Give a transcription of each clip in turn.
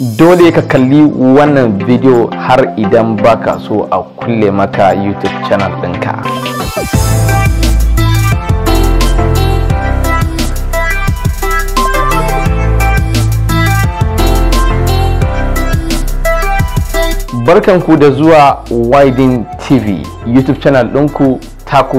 dole ka kalli wannan bidiyo har idan baka so a kulle maka youtube channel ɗinka barkanku da zuwa widen tv youtube channel ɗinku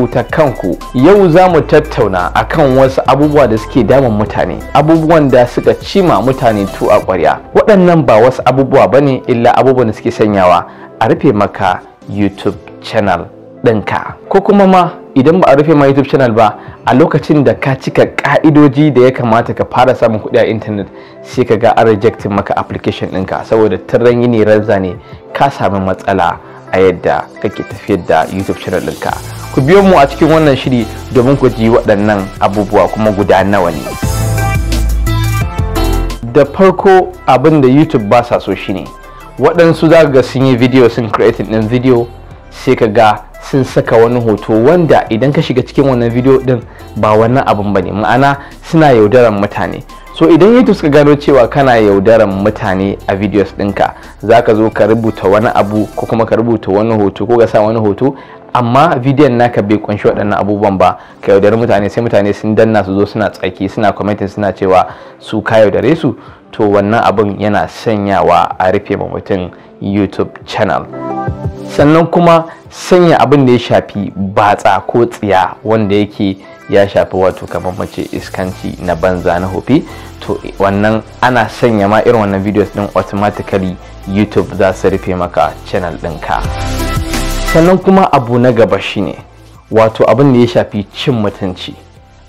ta kanku yau za mu tattauna akan wasu abubuwa da suke damun mutane abubuwan da suka cima mutane tu a ƙwarya waɗannan ba wasu abubuwa ba ne illa abubuwan da suke sanyawa a rufe maka youtube channel ɗinka ko kuma ma idan ba a rufe ma youtube channel ba a lokacin da ka cika ka'idoji da ya kamata ka fara samun kuɗi a intanet sai ka ga an rejectin maka application ɗinka saboda tun yini ranza ne ka sami matsala a yadda kake tafiyar da youtube channel ɗinka ku biyo mu a cikin wannan shiri domin ku ji waɗannan abubuwa kuma guda nawa ne da farko abin da youtube ba sa so shine waɗansu za ga sun yi video sun creating ɗin video sai ka ga sun saka wani hoto wanda idan ka shiga cikin wannan video ɗin ba wannan abin ba ne ma'ana suna yaudaran mutane so idan youtube suka gano cewa kana yaudaran mutane a videos ɗinka za ka zo ka rubuta wani abu ko kuma ka rubuta wani hoto ko ka sa wani hoto amma bidiyon naka bai kunshi waɗannan abubuwan ba ka yaudari mutane sai mutane sun danna su zo suna tsaki suna kwamitin suna cewa su ka yaudare su to wannan abin yana sanyawa a rufe ma mutum youtube channel sannan kuma sanya abin da ya shafi batsa ko tsiya wanda yake ya shafi wato kamar mace iskanci na banza na hofi to wannan ana sanya ma irin wannan videos din automatically youtube za su rufe maka channel ɗinka. sannan kuma abu na gaba shine wato abin da ya shafi cin mutunci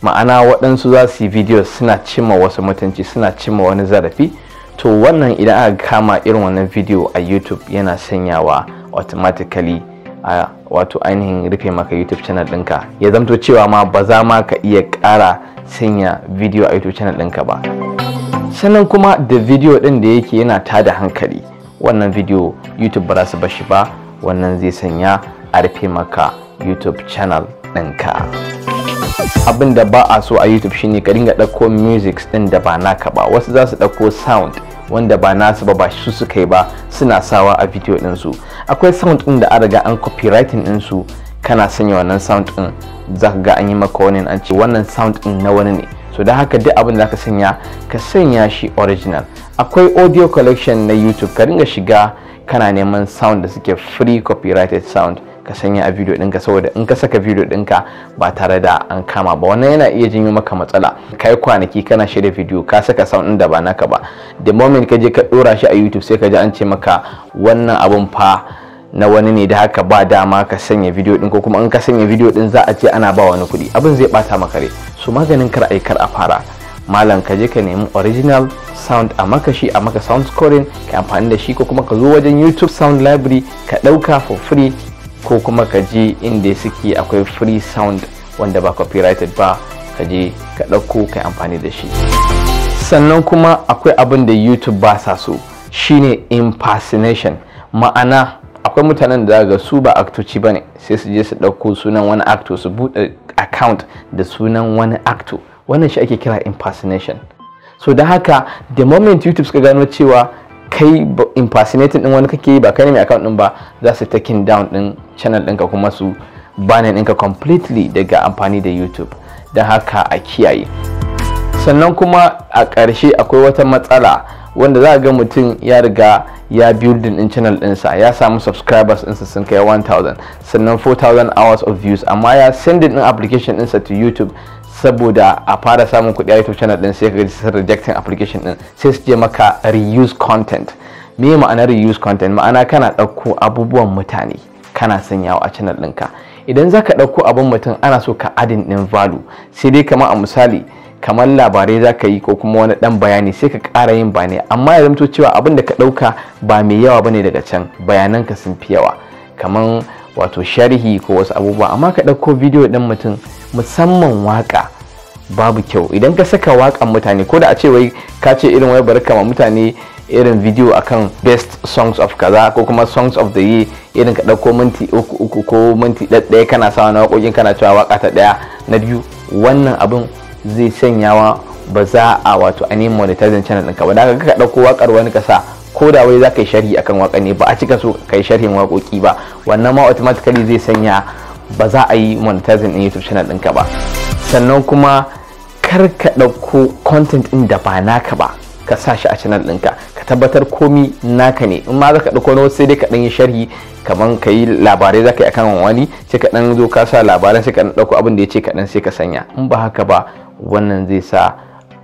ma'ana waɗansu za su yi video suna cimma wasu mutunci suna cimma wani zarafi to wannan idan aka kama irin wannan video a youtube yana sanyawa automatically a wato ainihin rufe maka youtube channel ɗinka ya zamto cewa ma ba za ma ka iya ƙara sanya video a youtube channel ɗinka ba sannan kuma da video ɗin da yake yana tada hankali wannan video youtube ba za su bashi ba wannan zai sanya a rufe maka youtube channel ɗinka abin da ba a so a youtube shine ka dinga ɗauko music ɗin da ba naka ba wasu za su ɗauko sound wanda ba nasu ba ba su suka yi ba suna sawa a video ɗinsu akwai sound ɗin da an riga an copywriting ɗinsu kana sanya wannan sound ɗin za ka ga an yi maka wani an ce wannan sound ɗin na wani ne so da haka duk abin da ka sanya ka sanya shi original akwai audio collection na youtube ka dinga shiga kana neman sound da suke free copyrighted sound ka sanya a video dinka saboda in ka saka video dinka ba tare da an kama ba wannan yana iya jinyo maka matsala kai kwanaki kana shirya video ka saka sound din da ba naka ba the moment ka je ka dora shi a youtube sai ka ji an ce maka wannan abun fa na wani ne da haka ba dama ka sanya video din ko kuma in ka sanya video din za a ce ana ba wani kuɗi abin zai bata maka rai su maganin kar ai kar a fara malam ka je ka nemi original sound a maka shi a maka sound scoring ka amfani da shi ko kuma ka zo wajen youtube sound library ka ɗauka for free ko kuma ka je inda suke akwai free sound wanda ba copyrighted ba ka je ka ɗauko ka amfani da shi sannan kuma akwai abin da youtube ba sa so shine impersonation ma'ana akwai mutanen da ga su ba aktoci ba ne sai su je su ɗauko sunan wani akto, su buɗe account da sunan wani acto wannan shi ake kira impersonation so da haka the moment youtube suka gano cewa kai impersonating din wani kake yi ba kai ne mai account din ba za su taking down din channel ɗinka kuma su banin ɗinka completely daga amfani da youtube da haka a kiyaye sannan kuma a ƙarshe akwai wata matsala wanda za a ga mutum ya riga ya building din channel ɗinsa ya samu subscribers ɗinsa sun kai 1000 sannan 4000 hours of views amma ya sending din application ɗinsa to youtube saboda a fara samun kuɗi a youtube channel din sai ka sun rejecting application din sai su je maka reuse content me ma'anar reuse content ma'ana kana ɗauko abubuwan mutane kana sanyawa a channel ɗinka idan za ka ɗauko abin mutum ana so ka adin ɗin value sai dai kamar a misali kamar labarai za ka yi ko kuma wani ɗan bayani sai ka ƙara yin bayani. amma ya zamto cewa abin da ka ɗauka ba mai yawa ba ne daga can ka sun fi yawa kamar wato sharhi ko wasu abubuwa amma ka ɗauko bidiyo ɗin mutum musamman waƙa babu kyau idan ka saka wakan mutane ko da a ce wai ka ce irin wai bari kama mutane irin video akan best songs of kaza ko kuma songs of the year irin ka ɗauko minti uku ko minti ɗaya kana sawa na waƙoƙin kana cewa waka ta ɗaya na biyu wannan abin zai sanyawa ba za a wato ainihin monetizing channel ɗinka ba da ka ɗauko waƙar wani ka ko da wai za ka yi sharhi akan waka ne ba a cika so ka yi sharhin waƙoƙi ba wannan ma automatically zai sanya ba za a yi monetizing ɗin youtube channel ɗinka ba sannan kuma kar ka ɗauko content ɗin da ba naka ba ka sa shi a channel ɗinka ka tabbatar komi naka ne in ma za ka ɗauko na wasu sai dai ka ɗan yi sharhi kaman ka yi labarai za ka yi akan wani sai ka ɗan zo ka sa labarai sai ka ɗan ɗauko abin da ya ce ka ɗan sai ka sanya in ba haka ba wannan zai sa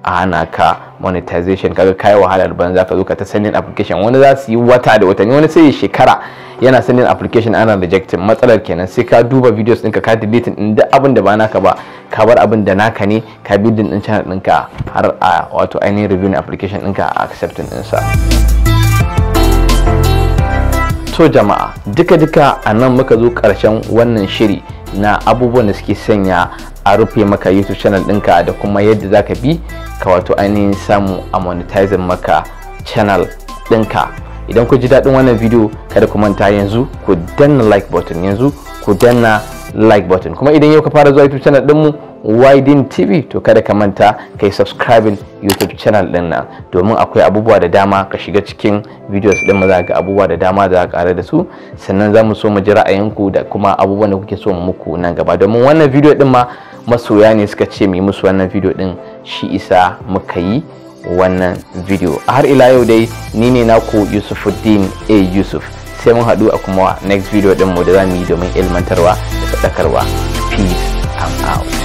a hana ka monetization kaga kai wahalar banza ka zo ka ta sending application wani za su yi wata da watanni wani sai shekara yana sending application ana rejecting matsalar kenan sai ka duba videos ɗinka ka deleting din duk abin da ba naka ba ka bar abin da naka ne ka bi din channel ɗinka har a wato ainihin review application ɗinka a accepting sa to jama'a duka-duka a nan muka zo ƙarshen wannan shiri na abubuwan da suke sanya a rufe maka youtube channel ɗinka da kuma yadda za ka bi ka wato ainihin samu a monetizing maka channel ɗinka idan ku ji daɗin wannan video kada ku manta yanzu ku danna like button yanzu ku danna like button kuma idan yau ka fara zuwa youtube channel ɗinmu widen tv to kada ka manta ka yi subscribing youtube channel din nan domin akwai abubuwa da dama ka shiga cikin videos din za ga abubuwa da dama da ka da su sannan za mu so mu ji ra'ayinku da kuma abubuwan da kuke so mu muku nan gaba domin wannan video din ma masoya ne suka ce mu musu wannan video ɗin shi isa muka yi wannan video a har ila yau dai ni ne naku yusufuddin a yusuf sai mun haɗu a kuma next video mu da za mu yi domin ilmantarwa da faɗakarwa peace and out